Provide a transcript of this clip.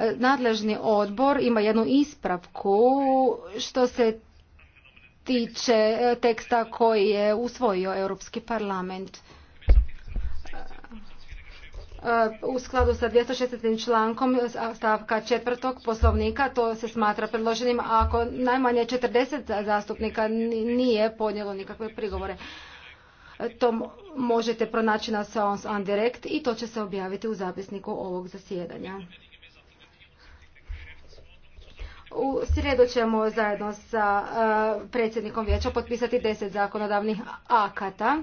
E, nadležni odbor ima jednu ispravku što se tiče e, teksta koji je usvojio Europski parlament e, u skladu sa 216. člankom stavka četvrtog poslovnika to se smatra predloženim ako najmanje 40 zastupnika nije podnijelo nikakve prigovore. To možete pronaći na Sons on Direct i to će se objaviti u zapisniku ovog zasjedanja. srijedu ćemo zajedno sa eh, predsjednikom vijeća potpisati deset zakonodavnih akata